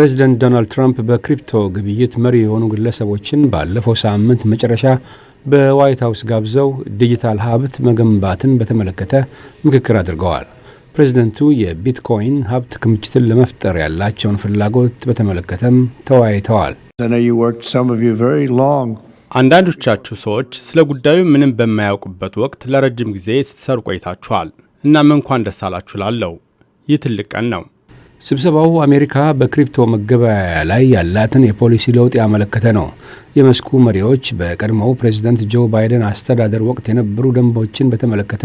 ፕሬዚደንት ዶናልድ ትራምፕ በክሪፕቶ ግብይት መሪ የሆኑ ግለሰቦችን ባለፈው ሳምንት መጨረሻ በዋይት ሀውስ ጋብዘው ዲጂታል ሀብት መገንባትን በተመለከተ ምክክር አድርገዋል። ፕሬዚደንቱ የቢትኮይን ሀብት ክምችትን ለመፍጠር ያላቸውን ፍላጎት በተመለከተም ተወያይተዋል። አንዳንዶቻችሁ ሰዎች ስለ ጉዳዩ ምንም በማያውቁበት ወቅት ለረጅም ጊዜ ስትሰሩ ቆይታችኋል። እናም እንኳን ደስ አላችሁ ላለው ይህ ትልቅ ቀን ነው። ስብሰባው አሜሪካ በክሪፕቶ መገበያያ ላይ ያላትን የፖሊሲ ለውጥ ያመለከተ ነው። የመስኩ መሪዎች በቀድሞው ፕሬዚደንት ጆ ባይደን አስተዳደር ወቅት የነበሩ ደንቦችን በተመለከተ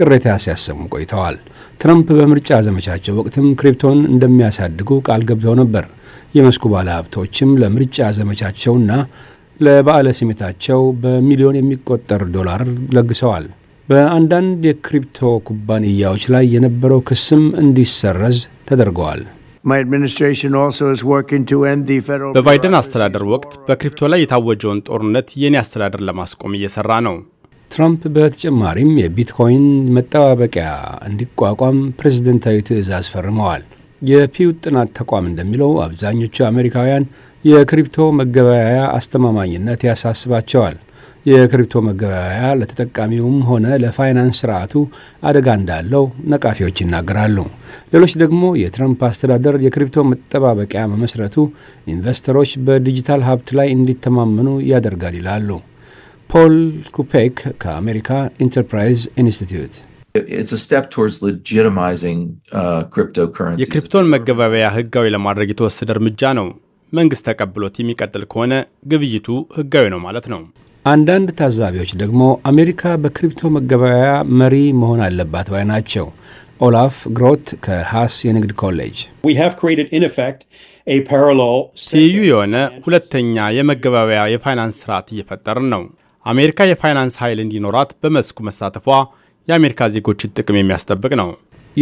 ቅሬታ ሲያሰሙ ቆይተዋል። ትራምፕ በምርጫ ዘመቻቸው ወቅትም ክሪፕቶን እንደሚያሳድጉ ቃል ገብተው ነበር። የመስኩ ባለሀብቶችም ለምርጫ ዘመቻቸውና ለበዓለ ሲመታቸው በሚሊዮን የሚቆጠር ዶላር ለግሰዋል። በአንዳንድ የክሪፕቶ ኩባንያዎች ላይ የነበረው ክስም እንዲሰረዝ ተደርገዋል። በባይደን አስተዳደር ወቅት በክሪፕቶ ላይ የታወጀውን ጦርነት የኔ አስተዳደር ለማስቆም እየሰራ ነው። ትራምፕ በተጨማሪም የቢትኮይን መጠባበቂያ እንዲቋቋም ፕሬዝደንታዊ ትእዛዝ ፈርመዋል። የፒው ጥናት ተቋም እንደሚለው አብዛኞቹ አሜሪካውያን የክሪፕቶ መገበያያ አስተማማኝነት ያሳስባቸዋል። የክሪፕቶ መገበያያ ለተጠቃሚውም ሆነ ለፋይናንስ ስርዓቱ አደጋ እንዳለው ነቃፊዎች ይናገራሉ። ሌሎች ደግሞ የትረምፕ አስተዳደር የክሪፕቶ መጠባበቂያ መመስረቱ ኢንቨስተሮች በዲጂታል ሀብት ላይ እንዲተማመኑ ያደርጋል ይላሉ። ፖል ኩፔክ ከአሜሪካ ኢንተርፕራይዝ ኢንስቲትዩት uh, የክሪፕቶን መገበያያ ህጋዊ ለማድረግ የተወሰደ እርምጃ ነው። መንግስት ተቀብሎት የሚቀጥል ከሆነ ግብይቱ ህጋዊ ነው ማለት ነው። አንዳንድ ታዛቢዎች ደግሞ አሜሪካ በክሪፕቶ መገበያያ መሪ መሆን አለባት ባይ ናቸው። ኦላፍ ግሮት ከሃስ የንግድ ኮሌጅ ትይዩ የሆነ ሁለተኛ የመገባበያ የፋይናንስ ስርዓት እየፈጠርን ነው። አሜሪካ የፋይናንስ ኃይል እንዲኖራት በመስኩ መሳተፏ የአሜሪካ ዜጎችን ጥቅም የሚያስጠብቅ ነው።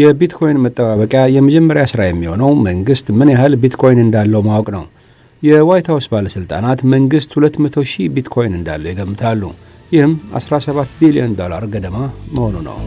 የቢትኮይን መጠባበቂያ የመጀመሪያ ስራ የሚሆነው መንግስት ምን ያህል ቢትኮይን እንዳለው ማወቅ ነው። የዋይት ሀውስ ባለሥልጣናት መንግሥት 200 ሺህ ቢትኮይን እንዳለው ይገምታሉ። ይህም 17 ቢሊዮን ዶላር ገደማ መሆኑ ነው።